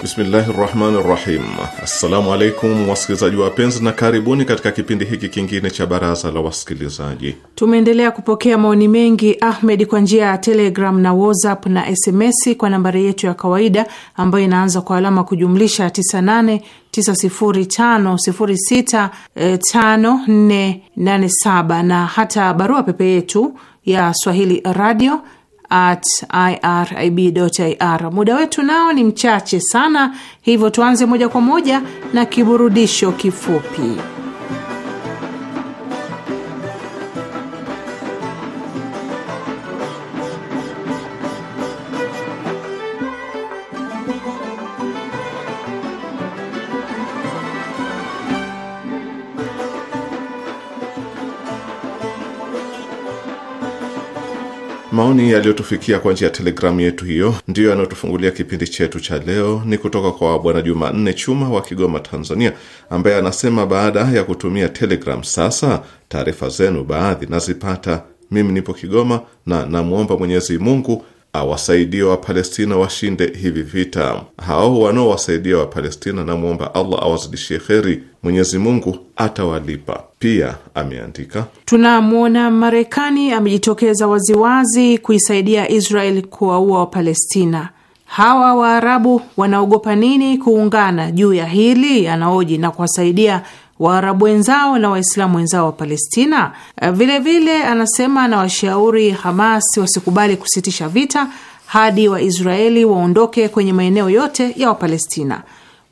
Bismillahi rahmani rahim. Assalamu alaikum wasikilizaji wapenzi, na karibuni katika kipindi hiki kingine cha baraza la wasikilizaji.
Tumeendelea kupokea maoni mengi Ahmed, kwa njia ya Telegram na WhatsApp na SMS kwa nambari yetu ya kawaida ambayo inaanza kwa alama kujumlisha 989050065487 eh, na hata barua pepe yetu ya Swahili radio at irib.ir. Muda wetu nao ni mchache sana, hivyo tuanze moja kwa moja na kiburudisho kifupi.
Maoni yaliyotufikia kwa njia ya telegramu yetu hiyo ndiyo yanayotufungulia kipindi chetu cha leo. Ni kutoka kwa Bwana Jumanne Chuma wa Kigoma, Tanzania, ambaye anasema baada ya kutumia telegram sasa taarifa zenu baadhi nazipata. Mimi nipo Kigoma na namwomba Mwenyezi Mungu awasaidia Wapalestina washinde hivi vita. Hao wanaowasaidia Wapalestina, namwomba Allah awazidishie kheri, Mwenyezi Mungu atawalipa pia. Ameandika,
tunamwona Marekani amejitokeza waziwazi kuisaidia Israel kuwaua Wapalestina. Hawa Waarabu wanaogopa nini kuungana juu ya hili anaoji na kuwasaidia Waarabu wenzao na Waislamu wenzao wa Palestina. Vilevile eh, vile, anasema na washauri Hamas wasikubali kusitisha vita hadi Waisraeli waondoke kwenye maeneo yote ya Wapalestina.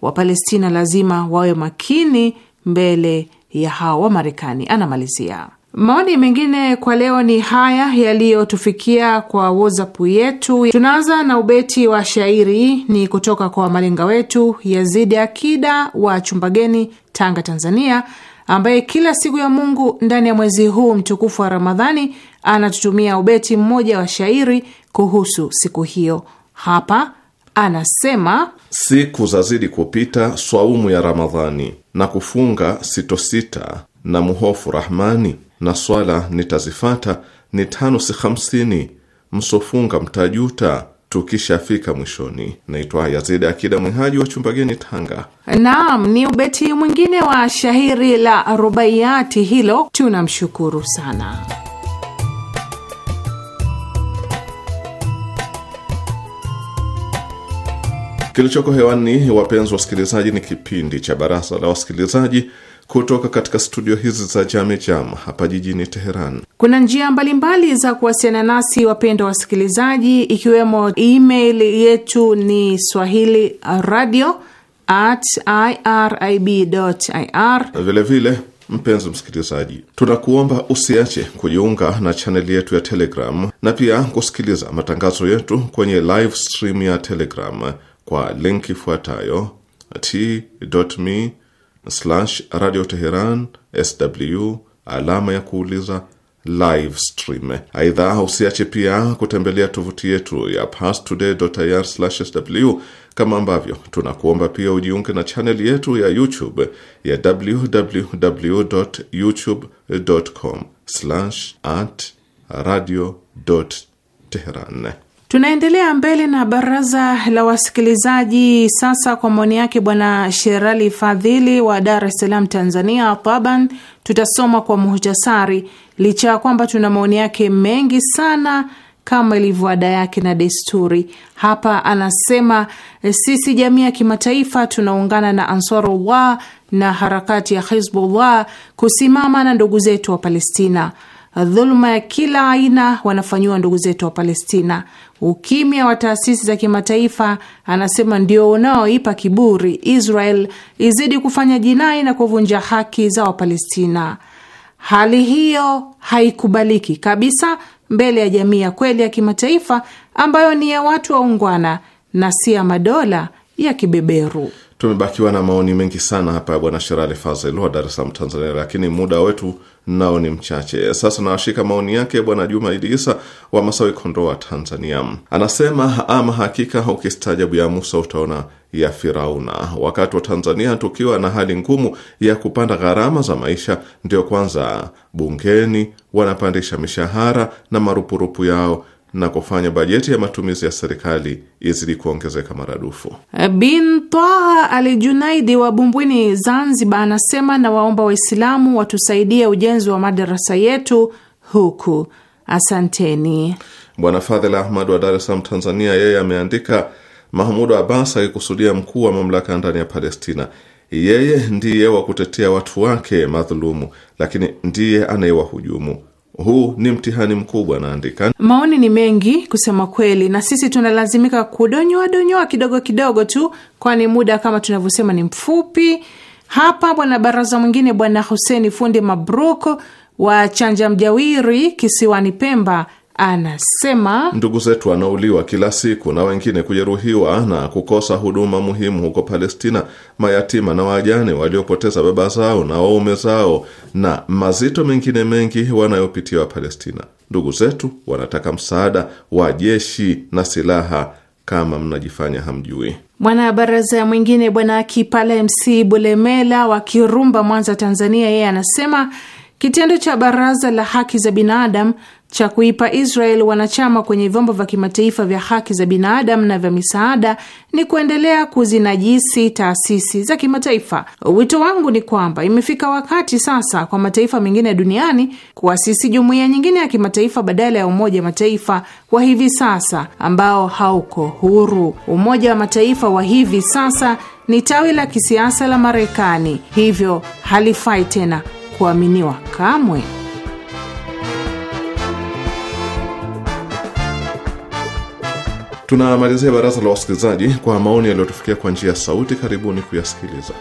Wapalestina lazima wawe makini mbele ya hawa Wamarekani, anamalizia. Maoni mengine kwa leo ni haya yaliyotufikia kwa WhatsApp yetu. Tunaanza na ubeti wa shairi, ni kutoka kwa malenga wetu Yazidi Akida wa Chumbageni, Tanga, Tanzania, ambaye kila siku ya Mungu ndani ya mwezi huu mtukufu wa Ramadhani anatutumia ubeti mmoja wa shairi kuhusu siku hiyo. Hapa anasema:
siku zazidi kupita, swaumu ya Ramadhani na kufunga sitosita, na muhofu Rahmani na swala nitazifata ni tano si hamsini, msofunga mtajuta tukishafika mwishoni. Naitwa Yazidi Akida, mwihaji wa Chumbageni, Tanga.
Naam, ni ubeti mwingine wa shahiri la rubaiyati hilo, tunamshukuru sana.
Kilichoko hewani, wapenzi wasikilizaji, ni kipindi cha Baraza la Wasikilizaji kutoka katika studio hizi za Jame Jam hapa jijini Teheran.
Kuna njia mbalimbali za kuwasiliana nasi, wapendwa wasikilizaji, ikiwemo email yetu ni swahili radio at irib ir.
Vilevile mpenzi msikilizaji, tunakuomba usiache kujiunga na chaneli yetu ya Telegram na pia kusikiliza matangazo yetu kwenye live stream ya Telegram kwa linki ifuatayo t.me radio Teheran sw alama ya kuuliza live stream. Aidha, usiache pia kutembelea tovuti yetu ya parstoday.ir/sw, kama ambavyo tunakuomba pia ujiunge na chaneli yetu ya YouTube ya www.youtube.com/at radio Teheran.
Tunaendelea mbele na baraza la wasikilizaji sasa. Kwa maoni yake Bwana Sherali Fadhili wa Dar es Salaam, Tanzania, taban tutasoma kwa muhtasari, licha ya kwamba tuna maoni yake mengi sana kama ilivyo ada yake na desturi. Hapa anasema sisi jamii ya kimataifa tunaungana na Ansarullah na harakati ya Hizbullah kusimama na ndugu zetu wa Palestina. Dhuluma ya kila aina wanafanyiwa ndugu zetu wa Palestina. Ukimya wa taasisi za kimataifa anasema ndio unaoipa kiburi Israel izidi kufanya jinai na kuvunja haki za Wapalestina. Hali hiyo haikubaliki kabisa mbele ya jamii ya kweli ya kimataifa ambayo ni ya watu waungwana na si ya madola ya
kibeberu. Tumebakiwa na maoni mengi sana hapa ya Bwana Sherali Fazel wa Dar es Salaam, Tanzania, lakini muda wetu nao ni mchache. Sasa nawashika maoni yake Bwana Juma Idi wa Masawi, Kondoa, Tanzania. Anasema, ama hakika ukistaajabu ya Musa utaona ya Firauna. Wakati wa Tanzania tukiwa na hali ngumu ya kupanda gharama za maisha, ndio kwanza bungeni wanapandisha mishahara na marupurupu yao na kufanya bajeti ya matumizi ya serikali izidi kuongezeka maradufu.
Bin Twaha Al Junaidi wa Bumbwini, Zanzibar, anasema na waomba Waislamu watusaidie ujenzi wa madarasa yetu huku. Asanteni.
Bwana Fadhel Ahmad wa Dar es Salaam, Tanzania, yeye ameandika Mahmud Abbas akikusudia mkuu wa mamlaka ndani ya Palestina. Yeye ndiye wa kutetea watu wake madhulumu, lakini ndiye anayewahujumu huu ni mtihani mkubwa, naandika
Maoni ni mengi kusema kweli, na sisi tunalazimika kudonyoa donyoa kidogo kidogo tu, kwani muda kama tunavyosema ni mfupi. Hapa bwana baraza mwingine, bwana Huseni Fundi mabruk wa Chanja Mjawiri kisiwani Pemba Anasema
ndugu zetu wanauliwa kila siku na wengine kujeruhiwa na kukosa huduma muhimu huko Palestina, mayatima na wajane waliopoteza baba zao na waume zao, na mazito mengine mengi wanayopitia wa Palestina. Ndugu zetu wanataka msaada wa jeshi na silaha, kama mnajifanya hamjui.
Mwanabaraza mwingine Bwana Kipala MC Bulemela wa Kirumba, Mwanza, Tanzania, yeye anasema kitendo cha Baraza la Haki za Binadamu cha kuipa Israel wanachama kwenye vyombo vya kimataifa vya haki za binadamu na vya misaada ni kuendelea kuzinajisi taasisi za kimataifa. Wito wangu ni kwamba imefika wakati sasa kwa mataifa mengine duniani kuasisi jumuiya nyingine ya kimataifa badala ya Umoja wa Mataifa wa hivi sasa ambao hauko huru. Umoja wa Mataifa wa hivi sasa ni tawi la kisiasa la Marekani, hivyo halifai tena kuaminiwa kamwe.
Tunamalizia baraza la wasikilizaji kwa maoni yaliyotufikia kwa njia ya sauti. Karibuni kuyasikiliza.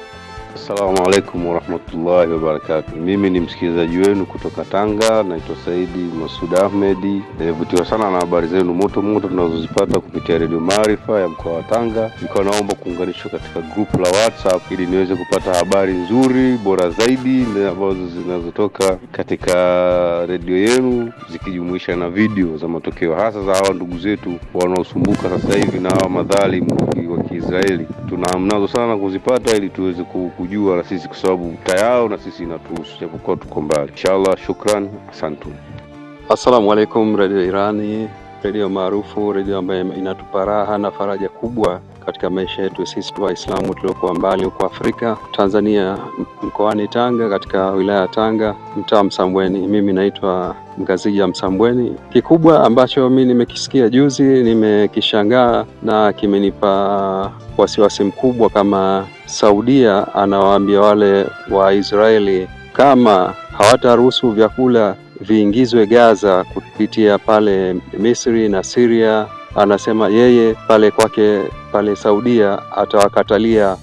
Assalamu alaikum warahmatullahi wabarakatu. Mimi ni msikilizaji wenu kutoka Tanga, naitwa Saidi Masud Ahmedi. Nimevutiwa sana na habari zenu moto moto tunazozipata kupitia Redio Maarifa ya mkoa wa Tanga. Nilikuwa naomba kuunganishwa katika grupu la WhatsApp ili niweze kupata habari nzuri bora zaidi ambazo zinazotoka katika redio yenu zikijumuisha na video za matokeo, hasa za hawa ndugu zetu wanaosumbuka sasa hivi na hawa madhalimu wa Kiisraeli. Tuna sana kuzipata ili tuweze kujua kujua na sisi, kwa sababu tayao na sisi inatuhusu, japokuwa tuko mbali. Inshallah, shukran, asantuni. Assalamu alaikum, Radio Irani, redio maarufu, redio ambayo inatupa raha na faraja kubwa katika maisha yetu sisi Waislamu tuliokuwa mbali huko Afrika, Tanzania, mkoani Tanga, katika wilaya ya Tanga, mtaa Msambweni. Mimi naitwa Mgazija Msambweni. Kikubwa ambacho mi nimekisikia juzi, nimekishangaa na kimenipa wasiwasi mkubwa kama Saudia anawaambia wale Waisraeli kama hawataruhusu vyakula viingizwe Gaza kupitia pale Misri na Siria, anasema yeye pale kwake pale Saudia atawakatalia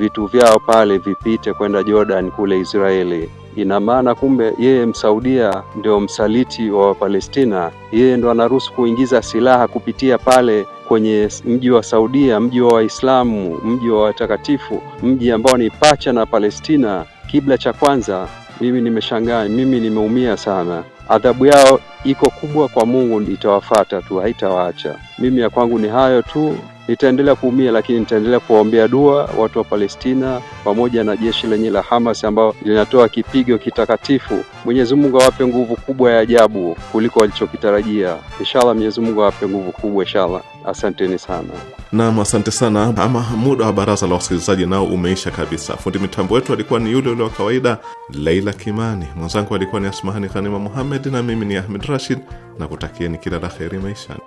vitu vyao pale vipite kwenda Jordan kule Israeli. Ina maana kumbe yeye msaudia ndio msaliti wa Wapalestina, yeye ndo anaruhusu kuingiza silaha kupitia pale kwenye mji wa Saudia, mji wa Waislamu, mji wa watakatifu, mji ambao ni pacha na Palestina, kibla cha kwanza, mimi nimeshangaa, mimi nimeumia sana. Adhabu yao iko kubwa kwa Mungu, itawafata tu, haitawaacha. Mimi ya kwangu ni hayo tu. Nitaendelea kuumia, lakini nitaendelea kuwaombea dua watu wa Palestina pamoja na jeshi lenye la Hamas ambao linatoa kipigo kitakatifu. Mwenyezi Mungu awape nguvu kubwa ya ajabu kuliko walichokitarajia. Inshallah, Mwenyezi Mungu awape nguvu kubwa inshallah. Asanteni sana.
Naam, asante sana. Ama muda wa baraza la wasikilizaji nao umeisha kabisa. Fundi mitambo wetu alikuwa ni yule ule wa kawaida, Leila Kimani. Mwenzangu alikuwa ni Asmahani Ghanima Muhammed, na mimi ni Ahmed Rashid, na kutakieni kila la heri maishani.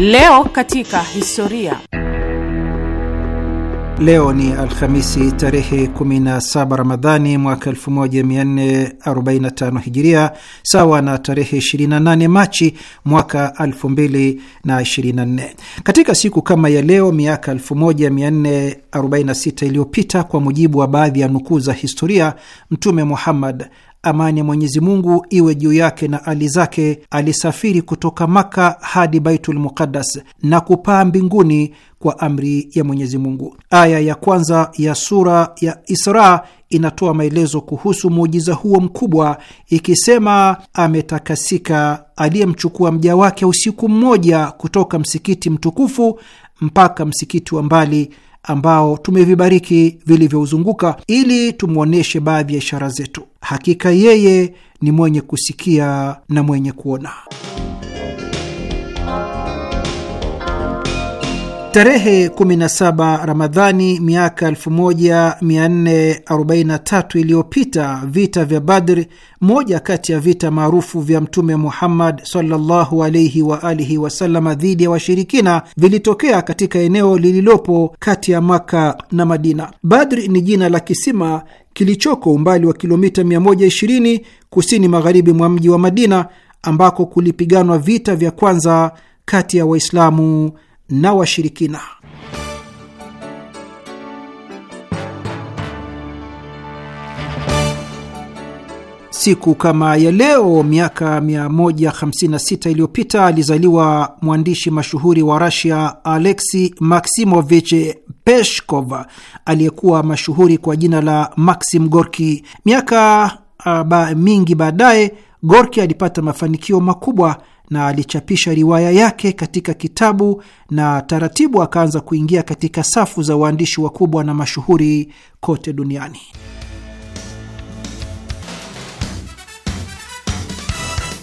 Leo katika historia.
Leo ni Alhamisi tarehe 17 Ramadhani mwaka 1445 Hijiria, sawa na tarehe 28 Machi mwaka 2024. Katika siku kama ya leo miaka 1446 iliyopita, kwa mujibu wa baadhi ya nukuu za historia, Mtume Muhammad amani ya Mwenyezi Mungu iwe juu yake na ali zake, alisafiri kutoka Maka hadi Baitul Muqaddas na kupaa mbinguni kwa amri ya Mwenyezi Mungu. Aya ya kwanza ya sura ya Isra inatoa maelezo kuhusu muujiza huo mkubwa ikisema, ametakasika aliyemchukua mja wake usiku mmoja kutoka msikiti mtukufu mpaka msikiti wa mbali ambao tumevibariki vilivyouzunguka ili tumwonyeshe baadhi ya ishara zetu. Hakika yeye ni mwenye kusikia na mwenye kuona. Tarehe 17 Ramadhani miaka 1443 iliyopita, vita vya Badri, moja kati ya vita maarufu vya Mtume Muhammad sallallahu alaihi wa alihi dhidi ya washirikina vilitokea katika eneo lililopo kati ya Maka na Madina. Badri ni jina la kisima kilichoko umbali wa kilomita 120 kusini magharibi mwa mji wa Madina, ambako kulipiganwa vita vya kwanza kati ya Waislamu na washirikina. Siku kama ya leo miaka 156 iliyopita alizaliwa mwandishi mashuhuri wa Rasia Aleksi Maksimovich Peshkov aliyekuwa mashuhuri kwa jina la Maxim Gorki. Miaka aba, ah, mingi baadaye Gorki alipata mafanikio makubwa na alichapisha riwaya yake katika kitabu na taratibu akaanza kuingia katika safu za waandishi wakubwa na mashuhuri kote duniani.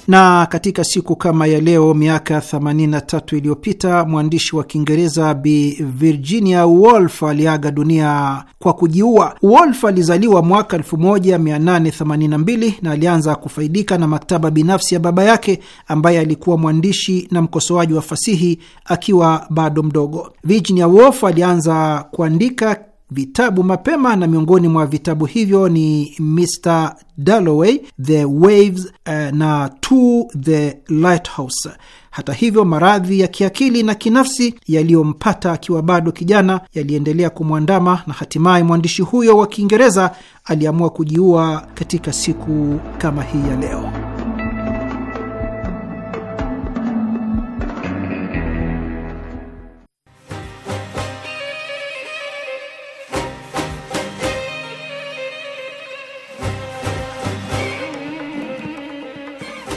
Na katika siku kama ya leo miaka 83 iliyopita mwandishi wa Kiingereza Bi Virginia Woolf aliaga dunia kwa kujiua. Woolf alizaliwa mwaka 1882 na alianza kufaidika na maktaba binafsi ya baba yake ambaye alikuwa mwandishi na mkosoaji wa fasihi akiwa bado mdogo. Virginia Woolf alianza kuandika vitabu mapema na miongoni mwa vitabu hivyo ni Mr Dalloway, The Waves uh, na To the Lighthouse. Hata hivyo, maradhi ya kiakili na kinafsi yaliyompata akiwa bado kijana yaliendelea kumwandama na hatimaye mwandishi huyo wa Kiingereza aliamua kujiua katika siku kama hii ya leo.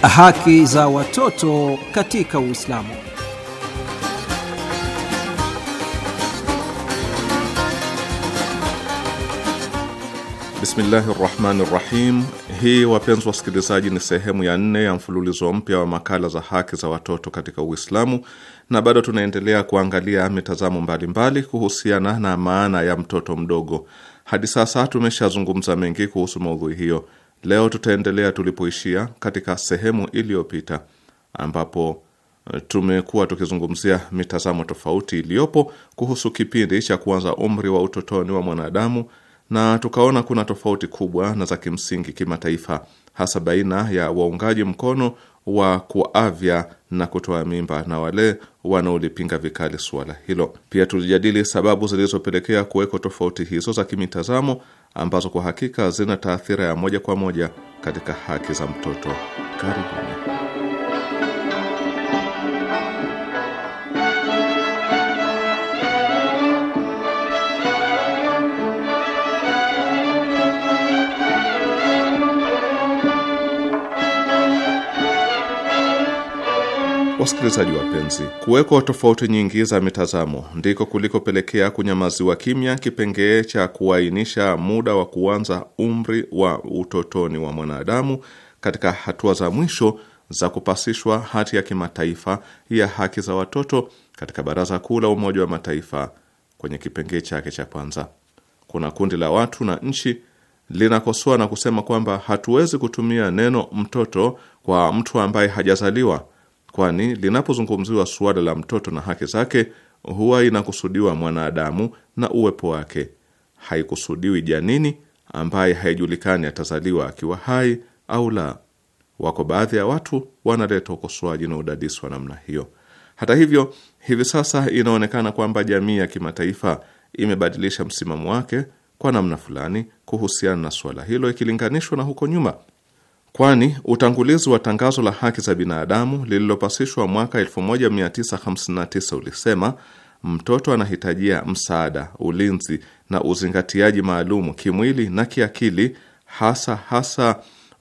Haki za watoto katika Uislamu.
Bismillahi rahmani rahim. Hii wapenzi wasikilizaji, ni sehemu ya nne ya mfululizo mpya wa makala za haki za watoto katika Uislamu, na bado tunaendelea kuangalia mitazamo mbalimbali kuhusiana na maana ya mtoto mdogo. Hadi sasa tumeshazungumza mengi kuhusu maudhui hiyo. Leo tutaendelea tulipoishia katika sehemu iliyopita, ambapo eh, tumekuwa tukizungumzia mitazamo tofauti iliyopo kuhusu kipindi cha kuanza umri wa utotoni wa mwanadamu, na tukaona kuna tofauti kubwa na za kimsingi kimataifa, hasa baina ya waungaji mkono wa kuavya na kutoa mimba na wale wanaolipinga vikali suala hilo. Pia tulijadili sababu zilizopelekea kuweko tofauti hizo za kimitazamo ambazo kwa hakika zina taathira ya moja kwa moja katika haki za mtoto. Karibuni. Wasikilizaji wapenzi, kuwekwa tofauti nyingi za mitazamo ndiko kulikopelekea kunyamaziwa kimya kipengee cha kuainisha muda wa kuanza umri wa utotoni wa mwanadamu katika hatua za mwisho za kupasishwa hati ya kimataifa ya haki za watoto katika Baraza Kuu la Umoja wa Mataifa kwenye kipengee chake cha kwanza. Kuna kundi la watu na nchi linakosoa na kusema kwamba hatuwezi kutumia neno mtoto kwa mtu ambaye hajazaliwa kwani linapozungumziwa suala la mtoto na haki zake huwa inakusudiwa mwanadamu na uwepo wake, haikusudiwi janini ambaye haijulikani atazaliwa akiwa hai au la. Wako baadhi ya watu wanaleta ukosoaji na udadisi wa namna hiyo. Hata hivyo, hivi sasa inaonekana kwamba jamii ya kimataifa imebadilisha msimamo wake kwa namna fulani kuhusiana na suala hilo ikilinganishwa na huko nyuma, kwani utangulizi wa tangazo la haki za binadamu lililopasishwa mwaka 1959 ulisema mtoto anahitajia msaada, ulinzi na uzingatiaji maalum kimwili na kiakili, hasa hasa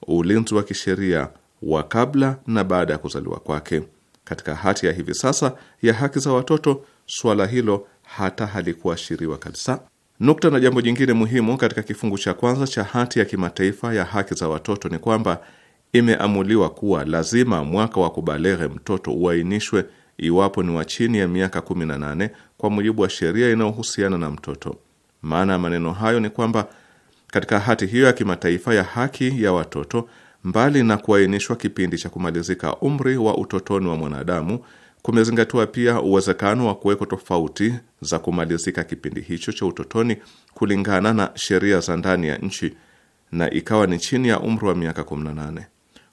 ulinzi wa kisheria wa kabla na baada ya kuzaliwa kwake. Katika hati ya hivi sasa ya haki za watoto, suala hilo hata halikuashiriwa kabisa. Nukta na jambo jingine muhimu katika kifungu cha kwanza cha hati ya kimataifa ya haki za watoto ni kwamba imeamuliwa kuwa lazima mwaka wa kubalehe mtoto uainishwe iwapo ni wa chini ya miaka 18 kwa mujibu wa sheria inayohusiana na mtoto. Maana ya maneno hayo ni kwamba katika hati hiyo ya kimataifa ya haki ya watoto, mbali na kuainishwa kipindi cha kumalizika umri wa utotoni wa mwanadamu Kumezingatiwa pia uwezekano wa kuwekwa tofauti za kumalizika kipindi hicho cha utotoni kulingana na sheria za ndani ya nchi na ikawa ni chini ya umri wa miaka 18.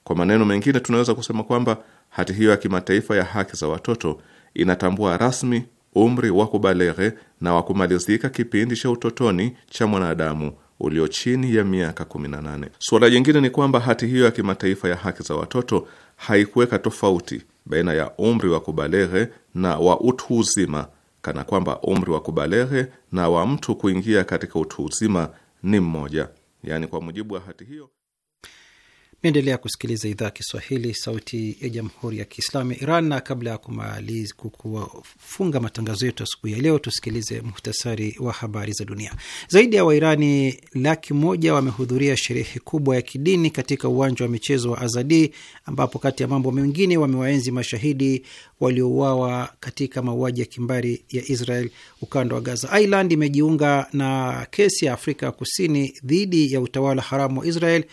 Kwa maneno mengine, tunaweza kusema kwamba hati hiyo ya kimataifa ya haki za watoto inatambua rasmi umri wa kubalere na wa kumalizika kipindi cha utotoni cha mwanadamu ulio chini ya miaka 18. Suala jingine ni kwamba hati hiyo ya kimataifa ya haki za watoto haikuweka tofauti baina ya umri wa kubaleghe na wa utu uzima, kana kwamba umri wa kubaleghe na wa mtu kuingia katika utu uzima ni mmoja. Yaani, kwa mujibu wa hati hiyo Naendelea
kusikiliza idhaa Kiswahili sauti ya jamhuri ya kiislamu ya Iran, na kabla ya kumaliza kufunga matangazo yetu asubuhi ya leo, tusikilize muhtasari wa habari za dunia. Zaidi ya Wairani laki moja wamehudhuria sherehe kubwa ya kidini katika uwanja wa michezo wa Azadi, ambapo kati ya mambo mengine wamewaenzi mashahidi waliouawa katika mauaji ya kimbari ya Israel ukanda wa Gaza. Ireland imejiunga na kesi ya Afrika ya Kusini dhidi ya utawala haramu wa Israel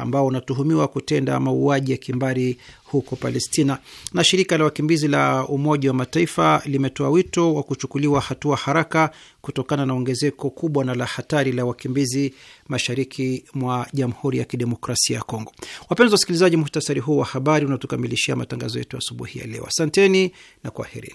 ambao unatuhumiwa kutenda mauaji ya kimbari huko Palestina. Na shirika la wakimbizi la Umoja wa Mataifa limetoa wito wa kuchukuliwa hatua haraka kutokana na ongezeko kubwa na la hatari la wakimbizi mashariki mwa Jamhuri ya Kidemokrasia ya Kongo. Wapenzi wasikilizaji, muhtasari huu wa habari unatukamilishia matangazo yetu asubuhi ya leo. Asanteni na kwaherini.